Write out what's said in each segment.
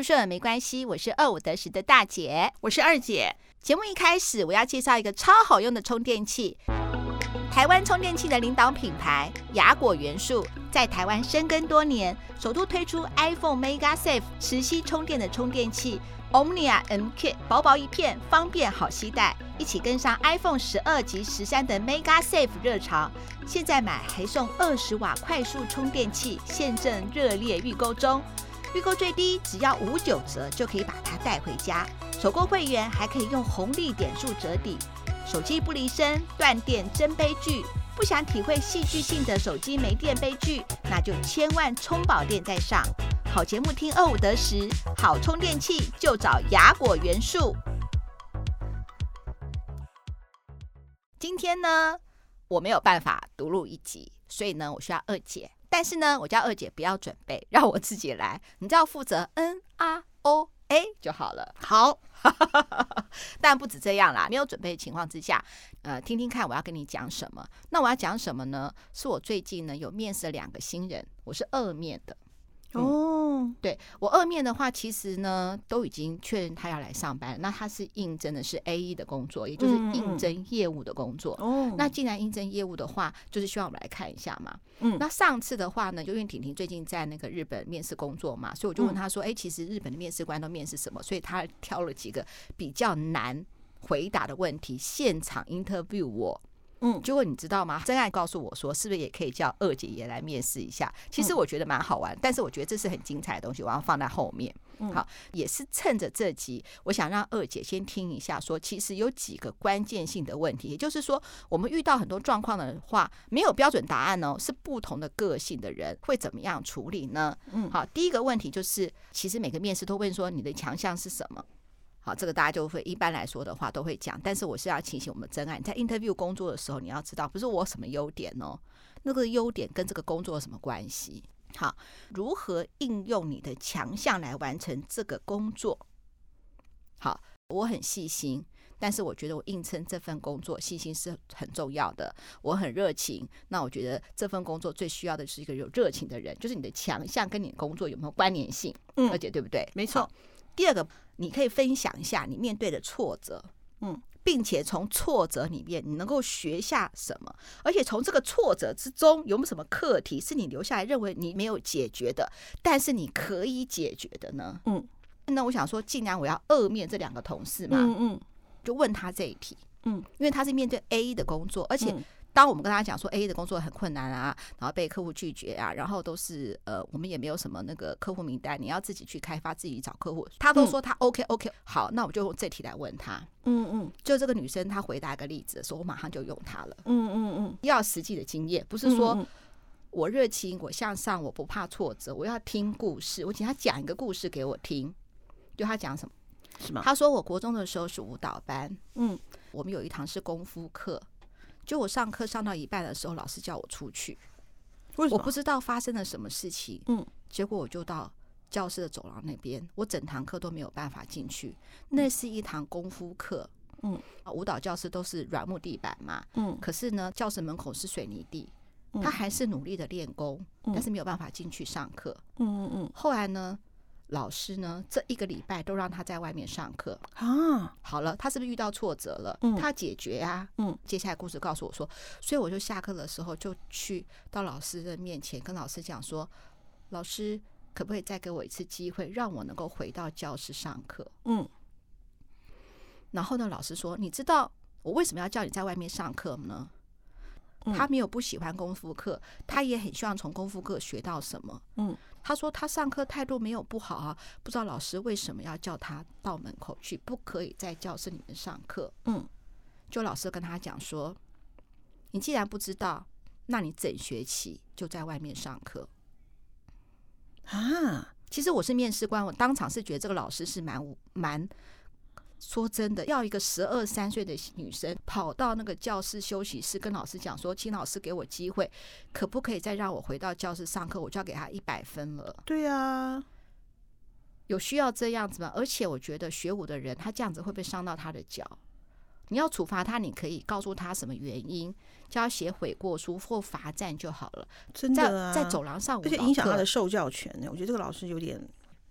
不順沒關係，我是二五得十的大姐，我是二姐。節目一開始，我要介紹一個超好用的充電器。台灣充電器的領導品牌亞果元素，在台灣深耕多年，首度推出 iPhone Mega Safe 磁吸充電的充電器 Omnia M Kit 薄薄一片，方便好攜帶。一起跟上 iPhone 十二及十三的 Mega Safe 熱潮，現在買還送二十瓦快速充電器，現正熱烈預購中。預購最低只要五九折就可以把它帶回家，首購會員還可以用紅利點數折抵。手機不離身，斷電真悲劇。不想體會戲劇性的手機沒電悲劇，那就千萬充飽電再上。好節目聽二五得十，好充電器就找亞果元素。今天呢，我沒有辦法獨錄一集，所以呢，我需要二姐。但是呢，我叫二姐不要準備，讓我自己來，你只要負責 N R O A 就好了。好，哈哈哈哈，但不止這樣啦，沒有準備的情況之下，呃，聽聽看我要跟你講什麼。那我要講什麼呢？是我最近呢有面試了兩個新人，我是二面的。哦、嗯，oh. 對我二面的話，其實呢都已經確認他要來上班了。那他是應徵的是 AE 的工作，也就是應徵業務的工作。哦、oh.，那既然應徵業務的話，就是希望我們來看一下嘛。Oh. 那上次的話呢，就因為婷婷最近在那個日本面試工作嘛，所以我就問他說：“哎、嗯欸，其實日本的面試官都面試什麼？”所以他挑了幾個比較難回答的問題，現場 interview 我。嗯，結果你知道嗎？真愛告訴我說，是不是也可以叫二姐也來面試一下？其實我覺得蠻好玩、嗯，但是我覺得這是很精彩的東西，我要放在後面。嗯、好，也是趁着這集，我想讓二姐先聽一下說，說其實有幾個關鍵性的問題，也就是說，我們遇到很多狀況的話，沒有標準答案哦，是不同的個性的人會怎麼樣處理呢？嗯，好，第一個問題就是，其實每個面試都問說你的強項是什麼。好，這個大家就會一般來說的話都會講，但是我是要提醒我們真愛在 interview 工作的時候，你要知道不是我什麼優點哦，那個優點跟這個工作有什麼關係？好，如何應用你的強項來完成這個工作？好，我很細心，但是我覺得我硬撐這份工作細心是很重要的。我很熱情，那我覺得這份工作最需要的是一個有熱情的人，就是你的強項跟你的工作有沒有關聯性？嗯，而且對不對？沒錯。第二個，你可以分享一下你面對的挫折，嗯，並且從挫折裡面你能夠學下什麼？而且從這個挫折之中有沒有什麼課題是你留下來認為你沒有解決的，但是你可以解決的呢？嗯，那我想說，既然我要二面這兩個同事嘛，嗯嗯，就問他這一題，嗯，因為他是面對 A 的工作，而且、嗯。當我們跟他講說，A 的工作很困難啊，然後被客戶拒絕啊，然後都是呃，我們也沒有什麼那個客戶名單，你要自己去開發，自己找客戶。他都說他 OK OK，好，那我們就用這題來問他。嗯嗯，就這個女生她回答一個例子的時候，所以我馬上就用她了。嗯嗯嗯，要實際的經驗，不是說我熱情，我向上，我不怕挫折，我要聽故事。我請他講一個故事給我聽。就他講什麼？什麼？他說，我國中的時候是舞蹈班。嗯，我們有一堂是功夫課。就我上課上到一半的時候，老師叫我出去，我不知道發生了什麼事情。結果我就到教室的走廊那邊，我整堂課都沒有辦法進去。那是一堂功夫課，嗯，舞蹈教室都是軟木地板嘛，嗯，可是呢，教室門口是水泥地，他還是努力的練功，但是沒有辦法進去上課。嗯，後來呢？老師呢，這一個禮拜都讓他在外面上課啊。好了，他是不是遇到挫折了？嗯，他解決啊。嗯，接下來故事告訴我說，所以我就下課的時候就去到老師的面前，跟老師講說：“老師，可不可以再給我一次機會，讓我能夠回到教室上課？”嗯。然後呢，老師說：“你知道我為什麼要叫你在外面上課嗎？”嗯。他沒有不喜歡功夫課，他也很希望從功夫課學到什麼。”嗯。他說他上課態度沒有不好啊，不知道老師為什麼要叫他到門口去，不可以在教室裡面上課。嗯，就老師跟他講說，你既然不知道，那你整學期就在外面上課。啊，其實我是面試官，我當場是覺得這個老師是蠻蠻。說真的，要一個十二三歲的女生跑到那個教室休息室跟老師講說：“請老師給我機會，可不可以再讓我回到教室上課？”我就要給他一百分了。對啊，有需要這樣子嗎？而且我覺得學武的人，他這樣子會不會傷到他的腳？你要處罰他，你可以告訴他什麼原因，叫他寫悔過書或罰站就好了。真的啊，在，在走廊上，而且影響他的受教權。我覺得這個老師有點。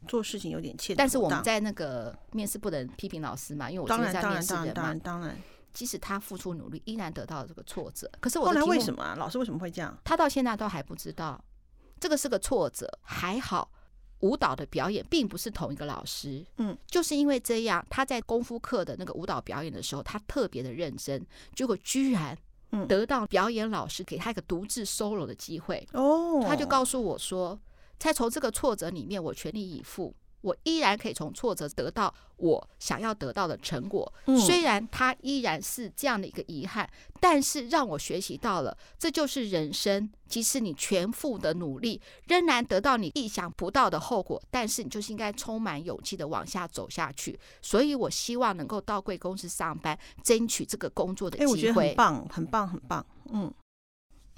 做事情有點欠，但是我們在那個面試不能批評老師嘛，因為我是在面試人嘛。當然當然當然，當然即使他付出努力，依然得到這個挫折。可是我我後來為什麼啊？老師為什麼會這樣？他到現在都還不知道，這個是個挫折。還好舞蹈的表演並不是同一個老師。嗯，就是因為這樣，他在功夫課的那個舞蹈表演的時候，他特別的認真，結果居然得到表演老師給他一個獨自 solo 的機會。哦、嗯，他就告訴我說，在從這個挫折裡面，我全力以赴，我依然可以從挫折得到我想要得到的成果。嗯、雖然它依然是這樣的一個遺憾，但是讓我學習到了，這就是人生。即使你全副的努力，仍然得到你意想不到的後果，但是你就是應該充滿勇氣的往下走下去。所以，我希望能夠到貴公司上班，爭取這個工作的機會。欸、我覺得很棒，很棒，很棒。嗯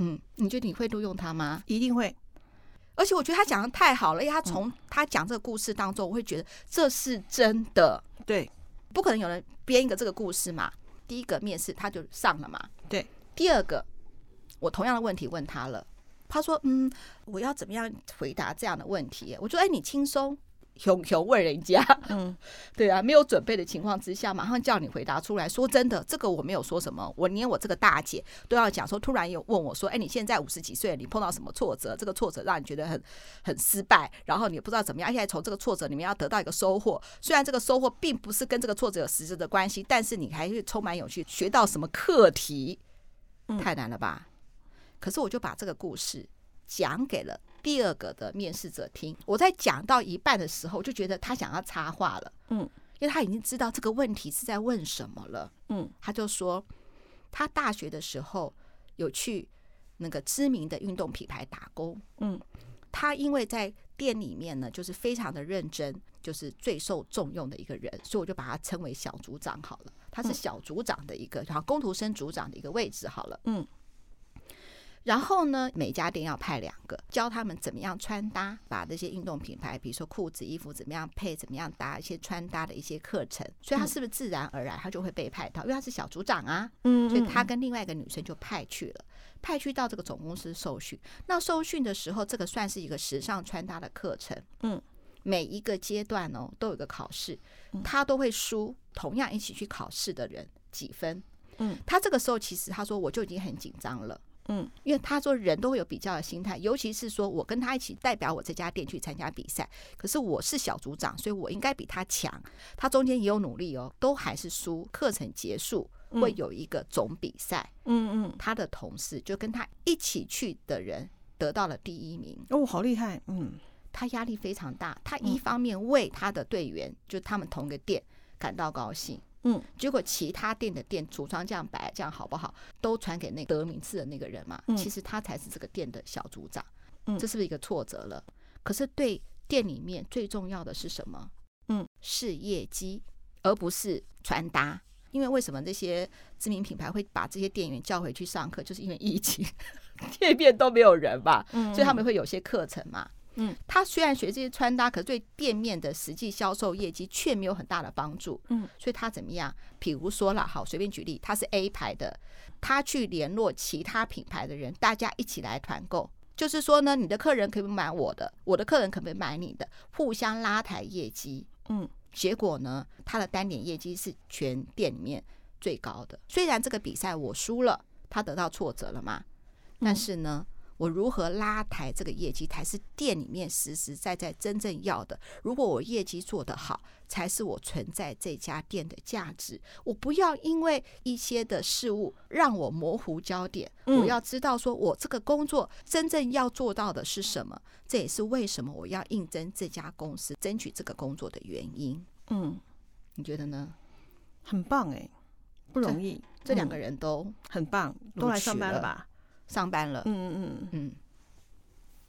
嗯，你覺得你會錄用他嗎？一定會。而且我覺得他講的太好了，因為他從他講這個故事當中，我會覺得這是真的。對，不可能有人編一個這個故事嘛。第一個面試他就上了嘛。對，第二個我同樣的問題問他了，他說：“嗯，我要怎麼樣回答這樣的問題？”我說：“哎，你輕鬆。”有有問人家，嗯，對啊，沒有準備的情況之下，馬上叫你回答出來。說真的，這個我沒有說什麼，我連我這個大姐都要講說，突然有問我說，哎、欸，你現在五十幾歲了，你碰到什麼挫折？這個挫折讓你覺得很很失敗，然後你也不知道怎麼樣，而且從這個挫折裡面要得到一個收穫。雖然這個收穫並不是跟這個挫折有實質的關係，但是你還是充滿勇氣學到什麼課題？太難了吧，嗯？可是我就把這個故事講給了。第二個的面試者聽，我在講到一半的時候，我就覺得他想要插話了，嗯，因為他已經知道這個問題是在問什麼了，嗯，他就說他大學的時候有去那個知名的運動品牌打工，嗯，他因為在店裡面呢，就是非常的認真，就是最受重用的一個人，所以我就把他稱為小組長好了，他是小組長的一個、嗯，然後工讀生組長的一個位置好了，嗯。然後呢，每家店要派兩個教他們怎麼樣穿搭，把這些運動品牌，比如說褲子、衣服怎麼樣配、怎麼樣搭一些穿搭的一些課程。所以他是不是自然而然，嗯，他就會被派到？因為他是小組長啊，嗯，所以他跟另外一個女生就派去了，嗯，派去到這個總公司受訓。那受訓的時候，這個算是一個時尚穿搭的課程，嗯，每一個階段哦，都有一個考試，他都會輸同樣一起去考試的人幾分，嗯，他這個時候其實他說我就已經很緊張了。嗯，因為他說人都會有比較的心態，尤其是說我跟他一起代表我這家店去參加比賽，可是我是小組長，所以我應該比他強。嗯，他中間也有努力哦，都還是輸。課程結束會有一個總比賽，嗯嗯，他的同事就跟他一起去的人得到了第一名。哦，好厲害！嗯，他壓力非常大，他一方面為他的隊員，嗯，就他們同一個店感到高興。嗯，結果其他店的店櫥窗，這樣擺這樣好不好，都傳給那個得名次的那個人嘛，嗯。其實他才是這個店的小組長，嗯，這是不是一個挫折了？可是對店裡面最重要的是什麼？嗯，是業績，而不是傳達。因為為什麼那些知名品牌會把這些店員叫回去上課？就是因為疫情， 店面都沒有人嘛，嗯嗯，所以他們會有些課程嘛。嗯，他雖然學這些穿搭，可是對店面的實際銷售業績卻沒有很大的幫助。嗯，所以他怎麼樣？譬如說了，好，隨便舉例，他是 A 牌的，他去聯絡其他品牌的人，大家一起來團購。就是說呢，你的客人可不可以買我的，我的客人可不可以買你的，互相拉抬業績。嗯，結果呢，他的單點業績是全店裡面最高的。雖然這個比賽我輸了，他得到挫折了嘛，但是呢。嗯。我如何拉抬這個業績才是店裡面實實在在，在真正要的。如果我業績做得好，才是我存在這家店的價值。我不要因為一些的事物讓我模糊焦點。我要知道，說我這個工作真正要做到的是什麼。嗯、這也是為什麼我要應徵這家公司，爭取這個工作的原因。嗯，你覺得呢？很棒哎、欸，不容易。這兩個人都、嗯、很棒，都來上班了吧？上班了，嗯嗯嗯嗯，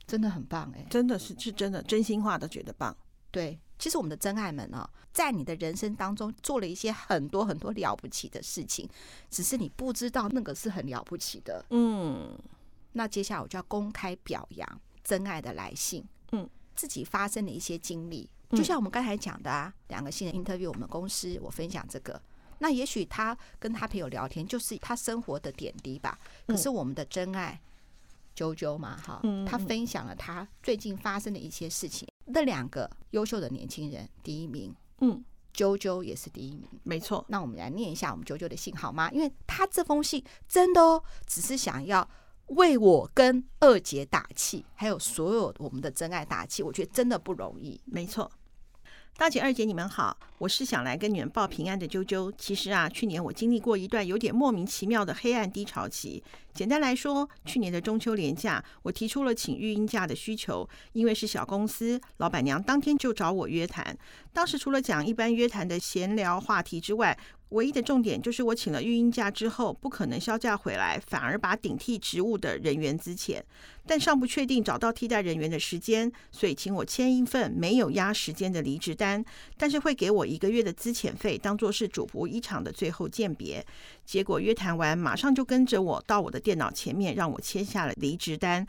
真的很棒哎、欸，真的是是真的。真心話都覺得棒。對，其實我們的真愛們啊、喔，在你的人生當中做了一些很多很多了不起的事情，只是你不知道那個是很了不起的。嗯，嗯，那接下來我就要公開表揚真愛的來信，嗯，嗯，自己發生的一些經歷，就像我們剛才講的啊，兩個新人 Interview，我們公司我分享這個。那也許他跟他朋友聊天，就是他生活的點滴吧。可是我們的真愛、嗯、啾啾嘛，哈、嗯，他分享了他最近發生的一些事情。嗯、那兩個優秀的年輕人，第一名，嗯，啾啾也是第一名，沒錯。那我們來念一下我們啾啾的信好嗎？因為他這封信真的哦，只是想要為我跟二姐打氣，還有所有我們的真愛打氣。我覺得真的不容易，沒錯。大姐二姐你們好。我是想來跟你們報平安的啾啾。其實啊，去年我經歷過一段有點莫名其妙的黑暗低潮期。簡單來說，去年的中秋連假，我提出了請育嬰假的需求，因為是小公司，老闆娘當天就找我約談。當時除了講一般約談的閒聊話題之外，唯一的重點就是我請了育嬰假之後，不可能銷假回來，反而把頂替職務的人員資遣，但尚不確定找到替代人員的時間，所以請我簽一份沒有壓時間的離職單，但是會給我一個月的資遣費，當做是主僕一場的最後餞別。結果約談完，馬上就跟着我到我的電腦前面，讓我簽下了離職單。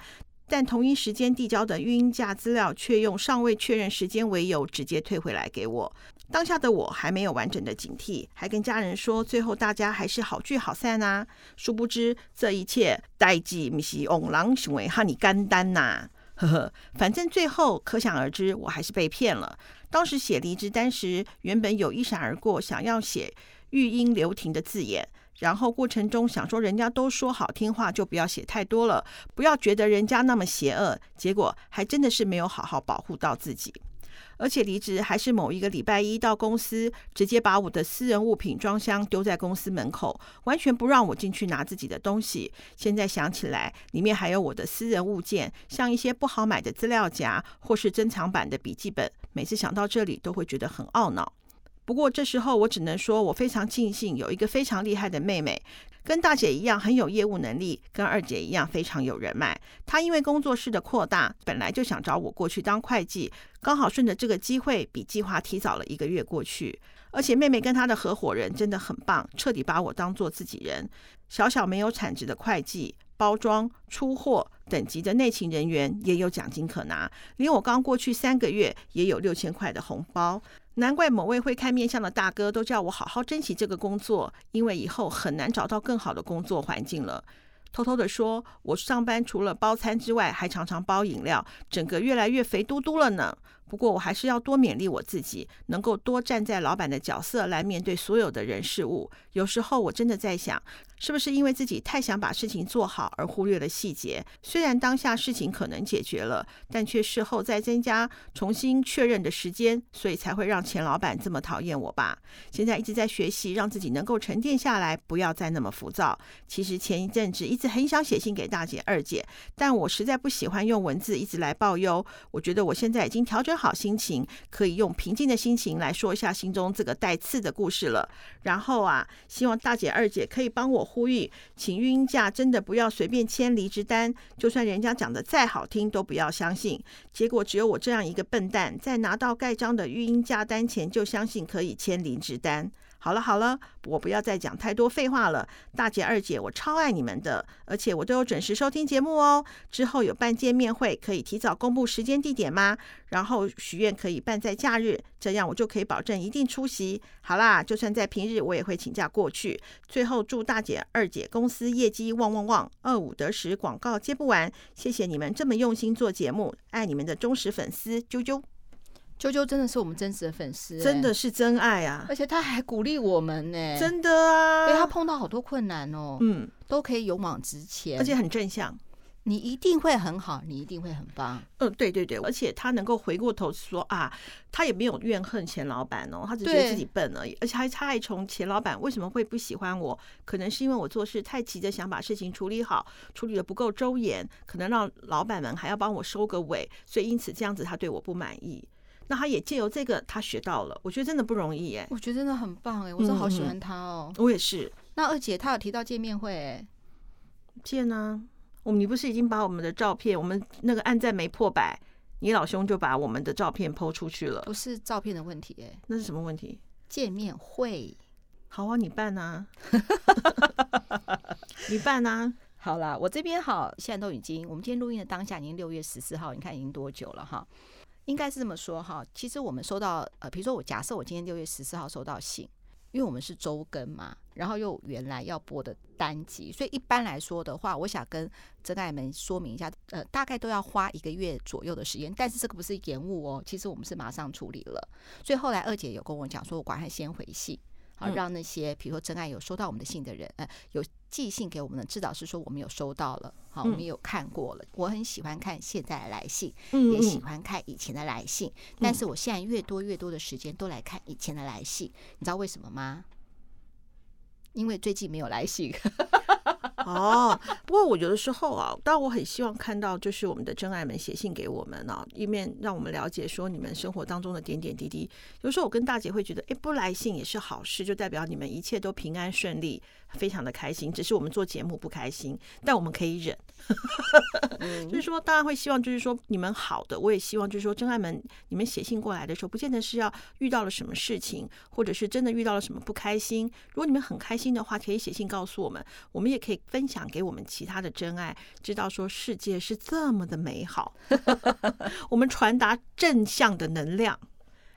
但同一時間遞交的育嬰假資料，卻用尚未確認時間為由，直接退回來給我。當下的我還沒有完整的警惕，還跟家人說，最後大家還是好聚好散啊。殊不知，這一切代際米西翁狼行為哈尼干單吶、啊。呵呵，反正最後可想而知，我還是被騙了。當時寫離職單時，原本有一閃而過想要寫育嬰留停的字眼，然後過程中想說人家都說好聽話，就不要寫太多了，不要覺得人家那麼邪惡。結果還真的是沒有好好保護到自己。而且離職還是某一個禮拜一到公司，直接把我的私人物品裝箱丟在公司門口，完全不讓我進去拿自己的東西。現在想起來，裡面還有我的私人物件，像一些不好買的資料夾或是珍藏版的筆記本。每次想到這裡，都會覺得很懊惱。不過這時候我只能說，我非常慶幸有一個非常厲害的妹妹，跟大姐一樣很有業務能力，跟二姐一樣非常有人脈。她因為工作室的擴大，本來就想找我過去當會計，剛好順着這個機會，比計劃提早了一個月過去。而且妹妹跟她的合夥人真的很棒，徹底把我當做自己人。小小沒有產值的會計，包裝出貨等級的內勤人員也有獎金可拿，連我剛過去三個月也有六千塊的紅包。難怪某位會看面相的大哥都叫我好好珍惜這個工作，因為以後很難找到更好的工作環境了。偷偷的說，我上班除了包餐之外，還常常包飲料，整個越來越肥嘟嘟了呢。不過我還是要多勉勵我自己，能夠多站在老闆的角色來面對所有的人事物。有時候我真的在想，是不是因為自己太想把事情做好而忽略了細節？雖然當下事情可能解決了，但卻事後再增加重新確認的時間，所以才會讓錢老闆這麼討厭我吧？現在一直在學習讓自己能夠沉澱下來，不要再那麼浮躁。其實前一陣子一直很想寫信給大姐、二姐，但我實在不喜歡用文字一直來報憂。我覺得我現在已經調整好心情，可以用平靜的心情來說一下心中這個帶刺的故事了。然後啊，希望大姐、二姐可以幫我。呼籲請育嬰假真的不要隨便簽離職單，就算人家講的再好聽，都不要相信。結果只有我這樣一個笨蛋，在拿到蓋章的育嬰假單前，就相信可以簽離職單。好了好了，我不要再講太多廢話了。大姐二姐，我超愛你們的，而且我都有準時收聽節目哦。之後有辦見面會，可以提早公布時間地點嗎？然後許願可以辦在假日，這樣我就可以保證一定出席。好啦，就算在平日我也會請假過去。最後祝大姐二姐公司業績旺旺旺旺，二五得十，廣告接不完。謝謝你們這麼用心做節目，愛你們的忠實粉絲啾啾。啾啾真的是我們真實的粉絲、欸，真的是真愛啊！而且他還鼓勵我們呢、欸，真的啊！因為他碰到好多困難哦、喔，嗯，都可以勇往直前，而且很正向。你一定會很好，你一定會很棒。嗯，對對對，而且他能夠回過頭說啊，他也沒有怨恨前老闆哦，他只覺得自己笨而已。而且還他還從前老闆為什麼會不喜歡我，可能是因為我做事太急着想把事情處理好，處理得不夠周延，可能讓老闆們還要幫我收個尾，所以因此這樣子他對我不滿意。那他也借由這個，他學到了。我覺得真的不容易誒、欸、我覺得真的很棒誒、欸、我真的好喜歡他哦、喔嗯嗯嗯。我也是。那二姐她有提到見面會誒、欸、見啊！我們你不是已經把我們的照片，我們那個按讚沒破百，你老兄就把我們的照片 PO 出去了？不是照片的問題誒、欸、那是什麼問題？見面會，好啊，你辦吶、啊， 你辦吶、啊。好啦，我這邊好，現在都已經，我們今天錄音的當下已經六月十四號，你看已經多久了哈？應該是這麼說哈，其實我們收到呃，比如說我假設我今天六月十四號收到信，因為我們是周更嘛，然後又原來要播的單集，所以一般來說的話，我想跟真愛們說明一下，呃，大概都要花一個月左右的時間，但是這個不是延誤哦，其實我們是馬上處理了，所以後來二姐有跟我講說，我管他先回信，好讓那些嗯、比如說真愛有收到我們的信的人，呃，有。寄信給我們的，至少是說我們有收到了，嗯、好，我們有看過了。我很喜歡看現在的來信，嗯嗯也喜歡看以前的來信、嗯，但是我現在越多越多的時間都來看以前的來信、嗯，你知道為什麼嗎？因為最近沒有來信。 哦、 oh，不過我有的時候啊，當然我很希望看到，就是我們的真愛們寫信給我們啊，一面讓我們了解說你們生活當中的點點滴滴。有時候我跟大姐會覺得，哎，不來信也是好事，就代表你們一切都平安順利，非常的開心。只是我們做節目不開心，但我們可以忍。 mm. 就是說，當然會希望，就是說你們好的，我也希望，就是說真愛們，你們寫信過來的時候，不見得是要遇到了什麼事情，或者是真的遇到了什麼不開心。如果你們很開心的話，可以寫信告訴我們，我們也可以。分享給我們其他的真愛，知道說世界是這麼的美好， 我們傳達正向的能量。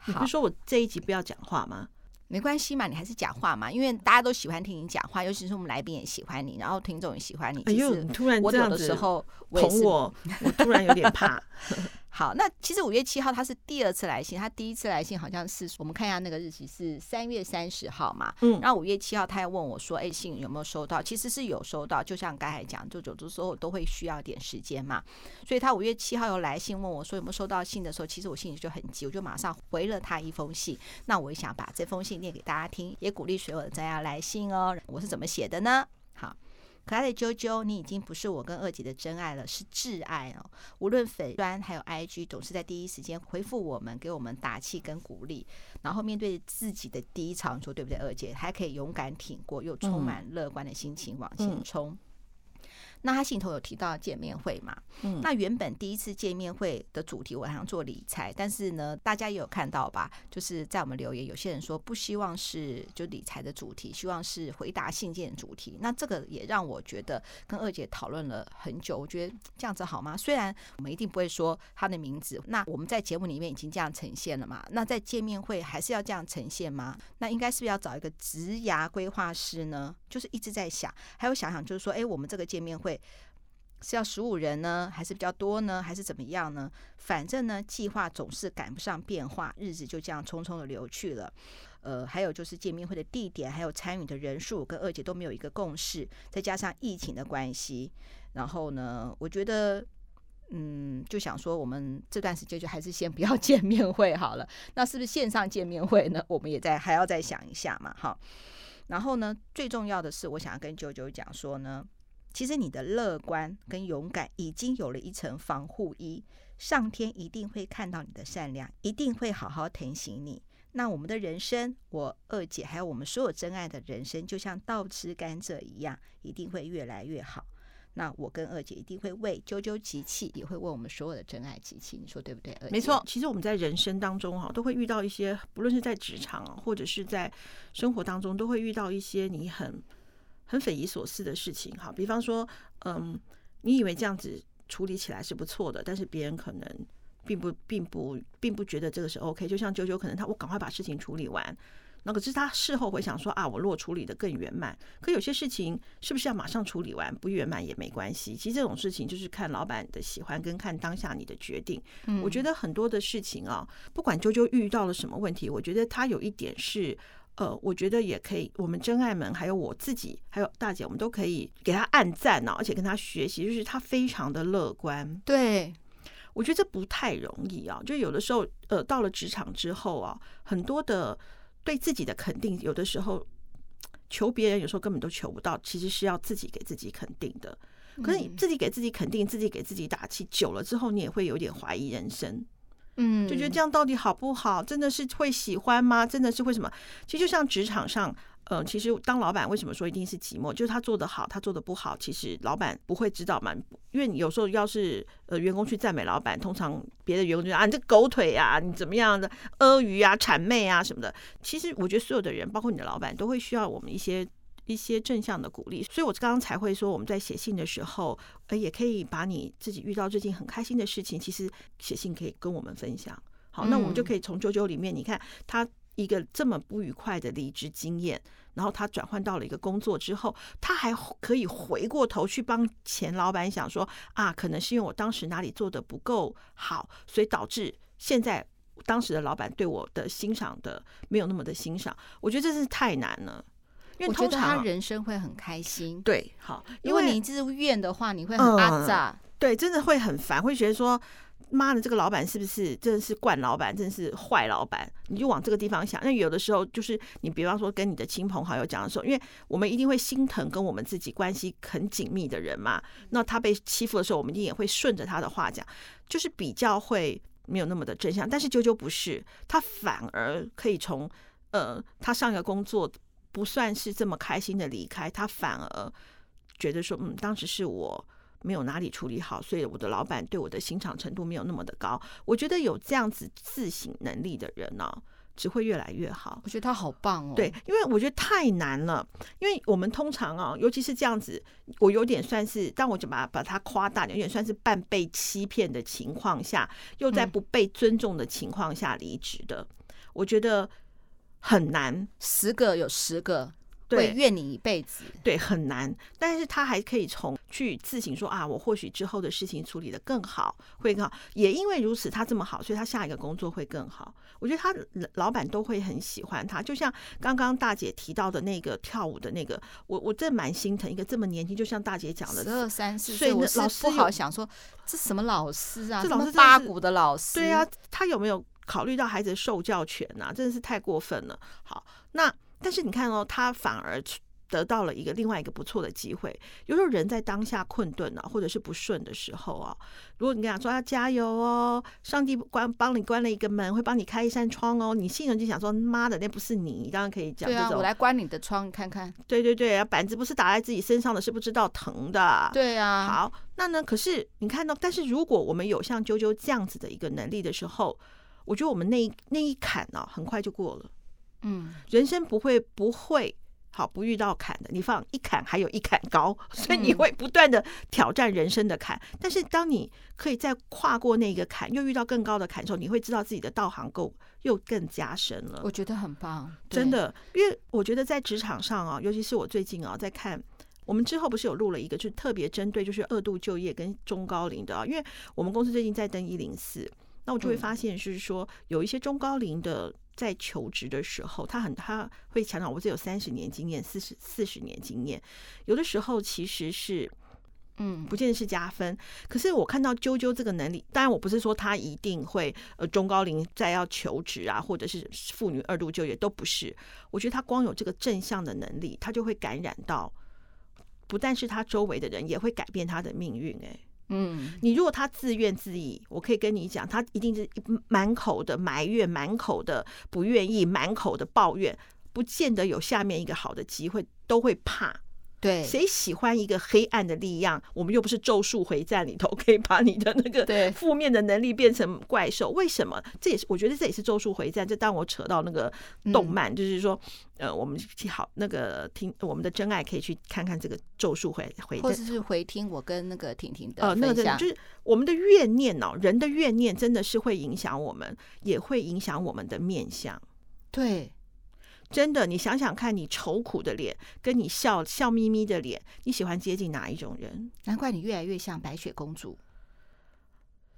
你不是說我這一集不要講話嗎？沒關係嘛，你還是講話嘛，因為大家都喜歡聽你講話，尤其是我們來賓也喜歡你，然後聽眾也喜歡你。其實哎呦，你突然這樣子捅我，我，我， 我突然有點怕。 好，那其實五月七號他是第二次來信，他第一次來信好像是我們看一下那個日期是三月三十號嘛，嗯，然後五月七號他又問我說，哎，信有沒有收到？其實是有收到，就像剛才講，就走的時候都會需要點時間嘛，所以他五月七號又來信問我說，說有沒有收到信的時候，其實我心裡就很急，我就馬上回了他一封信。那我也想把這封信念給大家聽，也鼓勵所有的大家來信哦。我是怎麼寫的呢？好。可愛的啾啾，你已經不是我跟二姐的真愛了，是摯愛哦。無論粉專還有 IG，總是在第一時間回復我們，給我們打氣跟鼓勵。然後面對自己的低潮，你說對不對？二姐還可以勇敢挺過，又充滿樂觀的心情往前衝。嗯嗯那他信頭有提到見面會嘛？嗯，那原本第一次見面會的主題我想做理財，但是呢，大家也有看到吧？就是在我們留言，有些人說不希望是就理財的主題，希望是回答信件主題。那這個也讓我覺得跟二姐討論了很久。我覺得這樣子好嗎？雖然我們一定不會說他的名字，那我們在節目裡面已經這樣呈現了嘛？那在見面會還是要這樣呈現嗎？那應該是不是要找一個職涯規劃師呢？就是一直在想，還有想想就是說，哎，我們這個見面會。會是要十五人呢，還是比較多呢，還是怎麼樣呢？反正呢，計劃總是趕不上變化，日子就這樣匆匆的流去了。呃，還有就是見面會的地點，還有參與的人數，跟二姐都沒有一個共識。再加上疫情的關係，然後呢，我覺得，嗯，就想說，我們這段時間就還是先不要見面會好了。那是不是線上見面會呢？我們也在還要再想一下嘛，哈。然後呢，最重要的是，我想要跟啾啾講說呢。其實你的樂觀跟勇敢已經有了一層防護衣，上天一定會看到你的善良，一定會好好疼惜你。那我們的人生，我二姐還有我們所有真愛的人生，就像倒吃甘蔗一樣，一定會越來越好。那我跟二姐一定會為啾啾集氣，也會為我們所有的真愛集氣。你說對不對？沒錯。其實我們在人生當中哈、啊，都會遇到一些，不論是在職場、啊、或者是在生活當中，都會遇到一些你很。很匪夷所思的事情，哈，比方說，嗯，你以為這樣子處理起來是不錯的，但是別人可能並不，並不，並不覺得這個是 OK。就像啾啾，可能他我趕快把事情處理完，那可是他事後回想說啊，我若處理得更圓滿，可有些事情是不是要馬上處理完？不圓滿也沒關係。其實這種事情就是看老闆的喜歡跟看當下你的決定。嗯，我覺得很多的事情啊，哦，不管啾啾遇到了什麼問題，我覺得他有一點是。呃，我覺得也可以，我們真愛們，還有我自己，還有大姐，我們都可以給他按讚啊，而且跟他學習，就是他非常的樂觀。對，我覺得這不太容易啊。就有的時候，呃，到了職場之後啊，很多的對自己的肯定，有的時候求別人，有時候根本都求不到，其實是要自己給自己肯定的。可是你自己給自己肯定，自己給自己打氣，久了之後，你也會有點懷疑人生。嗯，就覺得這樣到底好不好？真的是會喜歡嗎？真的是會什麼？其實就像職場上，嗯、呃，其實當老闆為什麼說一定是寂寞？就是他做的好，他做的不好，其實老闆不會知道嘛。因為你有時候要是呃，員工去讚美老闆，通常別的員工就說啊，你這狗腿呀，啊，你怎麼樣的阿諛啊、諂媚啊什麼的。其實我覺得所有的人，包括你的老闆，都會需要我們一些。一些正向的鼓勵，所以我剛剛才會說，我們在寫信的時候，哎、欸，也可以把你自己遇到最近很開心的事情，其實寫信可以跟我們分享。好，那我們就可以從啾啾裡面，你看他一個這麼不愉快的離職經驗，然後他轉換到了一個工作之後，他還可以回過頭去幫前老板想說，啊，可能是因為我當時哪裡做的不夠好，所以導致現在當時的老板對我的欣賞的沒有那麼的欣賞。我覺得這是太難了。因為通常他人生會很開心，對，好，因為你一直怨的話，你會很阿雜，對，真的會很煩，會覺得說，媽的，這個老闆是不是真的是慣老闆，真的是壞老闆？你就往這個地方想。那有的時候就是你，比方說跟你的親朋好友講的時候，因為我們一定會心疼跟我們自己關係很緊密的人嘛，那他被欺負的時候，我們一定也會順着他的話講，就是比較會沒有那麼的真相。但是啾啾不是，他反而可以從呃，他上一個工作。不算是這麼開心的離開，他反而覺得說，嗯，當時是我沒有哪裡處理好，所以我的老闆對我的欣賞程度沒有那麼的高。我覺得有這樣子自省能力的人呢、哦，只會越來越好。我覺得他好棒哦，對，因為我覺得太難了，因為我們通常啊、哦，尤其是這樣子，我有點算是，但我就把把他誇大，有點算是半被欺騙的情況下，又在不被尊重的情況下離職的、嗯，我覺得。很難，十個有十個，對，會怨你一輩子。對，很難，但是他還可以從去自省說啊，我或許之後的事情處理得更好，會更好。也因為如此，他這麼好，所以他下一個工作會更好。我覺得他老板都會很喜歡他，就像剛剛大姐提到的那個跳舞的那個，我我真的蠻心疼一個這麼年輕，就像大姐講的，十二三四歲老師好想說，這什麼老師啊？這老師是八股的老師？對啊，他有沒有？考慮到孩子的受教權吶、啊，真的是太過分了。好，那但是你看哦，他反而得到了一個另外一個不錯的機會。有時候人在當下困頓了、啊、或者是不順的時候啊，如果你跟他說要加油哦，上帝關幫你關了一個門，會幫你開一扇窗哦，你心裡就想說媽的，那不是你當然可以講、啊，我來關你的窗看看。對對對、啊，板子不是打在自己身上的是不知道疼的。對啊。好，那呢？可是你看到、哦，但是如果我們有像啾啾這樣子的一個能力的時候。我覺得我們那一那一坎呢、啊，很快就過了。嗯，人生不會不會好不遇到坎的，你放一坎還有一坎高，所以你會不斷的挑戰人生的坎、嗯。但是當你可以再跨過那個坎，又遇到更高的坎的時候，你會知道自己的道行夠又更加深了。我覺得很棒，真的，因為我覺得在職場上啊，尤其是我最近啊，在看我們之後不是有錄了一個，就特別針對就是二度就業跟中高齡的啊，因為我們公司最近在登一零四。那我就會發現，是說有一些中高齡的在求職的時候，他很他會強調我只有三十年經驗、四十四十年經驗，有的時候其實是嗯，不見得是加分。可是我看到啾啾這個能力，當然我不是說他一定會呃中高齡再要求職啊，或者是婦女二度就業都不是。我覺得他光有這個正向的能力，他就會感染到，不但是他周圍的人也會改變他的命運哎。嗯，你如果他自怨自艾，我可以跟你講，他一定是滿口的埋怨，滿口的不願意，滿口的抱怨，不見得有下面一個好的機會，都會怕。對，誰喜歡一個黑暗的力量？我們又不是《咒術迴戰》裡頭可以把你的那個負面的能力變成怪獸？為什麼？這也是我覺得這也是《咒術迴戰》。就當我扯到那個動漫，嗯、就是說，呃，我們去好那個聽、呃、我們的真愛可以去看看這個咒《咒術迴迴戰》，或者是，是回聽我跟那個婷婷的。呃，那個就是我們的怨念哦，人的怨念真的是會影響我們，也會影響我們的面相。對。真的，你想想看，你愁苦的臉，跟你笑笑眯眯的臉，你喜歡接近哪一種人？難怪你越來越像白雪公主。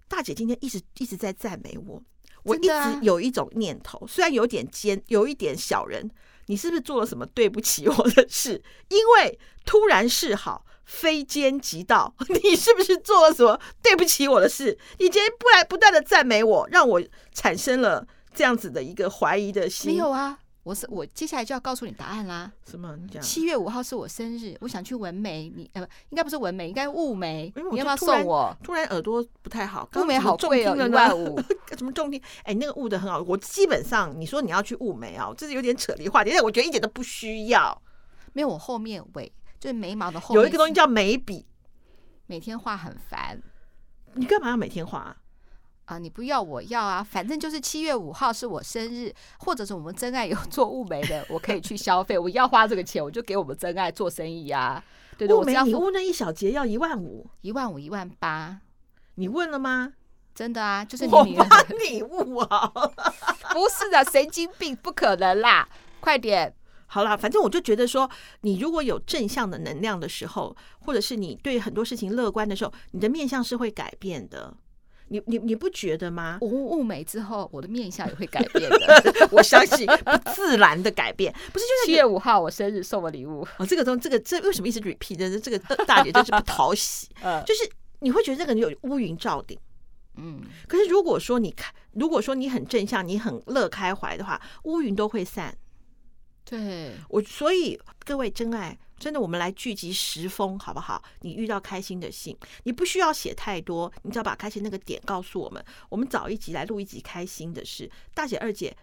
大姐今天一直一直在讚美我，我一直有一種念頭，雖然有點尖，有一點小人，你是不是做了什麼對不起我的事？因為突然示好，非奸即盜，你是不是做了什麼對不起我的事？你今天不來不斷的讚美我，讓我產生了這樣子的一個懷疑的心。沒有啊。我是我，接下來就要告訴你答案啦。什麼？你講。七月五號是我生日，我想去紋眉。你呃不，應該不是紋眉，應該霧眉。你要不要送我？突然耳朵不太好，霧眉好貴哦。一萬五，什麼重聽？哎，那個霧的很好。我基本上，你說你要去霧眉啊，這是有點扯離話題。因為我覺得一點都不需要。沒有，我後面尾就是眉毛的後面，有一個東西叫眉筆。每天畫很煩。你幹嘛要每天畫啊？啊，你不要，我要啊！反正就是七月五號是我生日，或者是我們真愛有做物美的，我可以去消費。 我要花這個錢，我就給我們真愛做生意啊。對對對，物美禮物那一小節要一萬五，一萬五，一萬八，你問了嗎？嗯，真的啊，就是你女人的禮物啊？ 不是的，神經病，不可能啦！快點，好啦。反正我就覺得說，你如果有正向的能量的時候，或者是你對很多事情樂觀的時候，你的面相是會改變的。你你你不覺得嗎？霧霧眉之後，我的面相也會改變的。 我相信不自然的改變，不是，就是七月五號我生日送我禮物。哦，這個東這個這為什麼一直 repeat？這個大姐真是不討喜。就是你會覺得這個人有烏雲罩頂，嗯。可是如果說你看，如果說你很正向，你很樂開懷的話，烏雲都會散。對我，所以各位真愛。真的，我們來聚集十封，好不好？你遇到開心的信，你不需要寫太多，你只要把開心那個點告訴我們。我們找一集來錄一集開心的事，大姐二姐，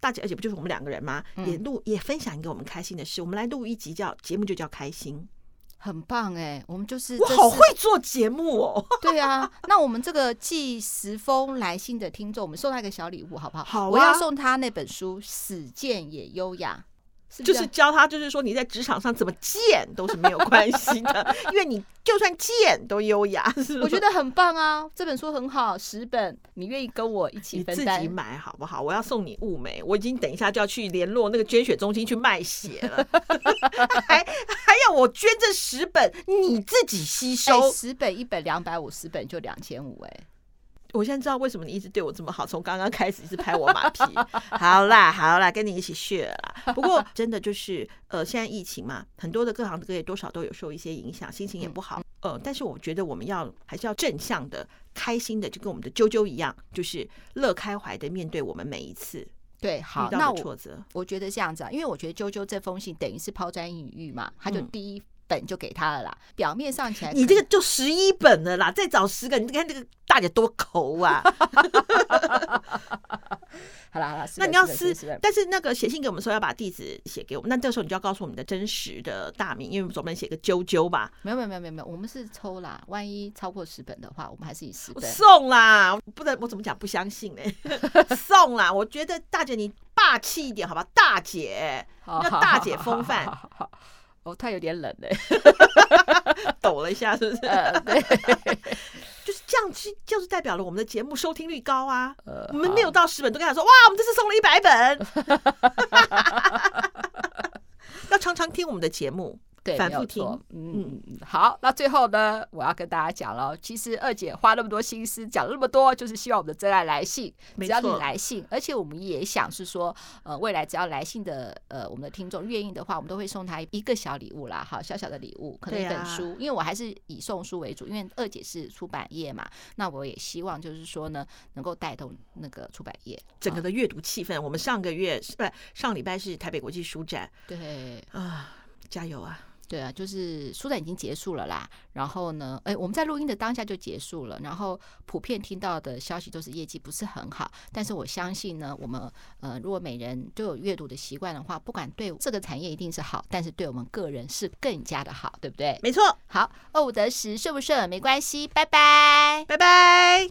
大姐二姐不就是我們兩個人嗎？嗯、也錄也分享一個我們開心的事，我們來錄一集叫，叫節目就叫開心，很棒哎、欸！我們就是，是我好會做節目哦。 對啊，那我們這個寄十封來信的聽眾，我們送他一個小禮物，好不好？好、啊、我要送他那本書《死劍也優雅》。是不是啊、就是教他，就是說你在職場上怎麼賤都是沒有關係的，因為你就算賤都優雅。我覺得很棒啊，這本書很好，十本你願意跟我一起分享？你自己買好不好？我要送你物美，我已經等一下就要去聯絡那個捐血中心去賣血了，還還要我捐這十本，你自己吸收。十本一本兩百五十本就兩千五哎。我現在知道為什麼你一直對我這麼好，從剛剛開始是拍我馬屁。好啦，好啦，跟你一起 share 啦。不過真的就是，呃，現在疫情嘛，很多的各行的各業多少都有受一些影響，心情也不好、嗯。呃，但是我覺得我們要還是要正向的、開心的，就跟我們的啾啾一樣，就是樂開懷的面對我們每一次對遇到的挫折，好，那我。我覺得這樣子啊，因為我覺得啾啾這封信等於是拋磚引玉嘛，他就第一。嗯本就給他了啦，表面上起來，你這個就十一本了啦，再找十個，你看這個大姐多摳啊 好！好啦好啦，那你要撕，但是那個寫信給我們說要把地址寫給我們，嗯、那這個時候你就要告訴我們的真實的大名，因為我們總不能寫個啾啾吧？沒、嗯、有沒有沒有沒有，我們是抽啦，萬一超過十本的話，我們還是以十本送啦，不能我怎麼講？不相信嘞， 送啦！我覺得大姐你霸氣一點好吧，大姐要 大姐風範。 他、哦、有點冷嘞、欸， 抖了一下，是不是？啊、 就是這樣，是就是代表了我們的節目收聽率高啊！呃、我們沒有到十本，都跟他說、嗯，哇，我們這次送了一百本， 要常常聽我們的節目。對，反覆聽，沒有錯。嗯，嗯，好，那最後呢，我要跟大家講了。其實二姐花那麼多心思講了那麼多，就是希望我們的真愛來信。只要你來信，而且我們也想是說，呃，未來只要來信的，呃，我們的聽眾願意的話，我們都會送他一個小禮物啦，好，小小的禮物，可能一本書、啊。因為我還是以送書為主，因為二姐是出版業嘛。那我也希望就是說呢，能夠帶動那個出版業整個的閱讀氣氛。啊、我們上個月不是、呃、上禮拜是台北國際書展。對啊，加油啊！對啊，就是書展已經結束了啦。然後呢，哎，我們在錄音的當下就結束了。然後普遍聽到的消息都是業績不是很好。但是我相信呢，我們呃，如果每人都有閱讀的習慣的話，不管對這個產業一定是好，但是對我們個人是更加的好，對不對？沒錯。好，二五得十，是不是？沒關係。拜拜。拜拜。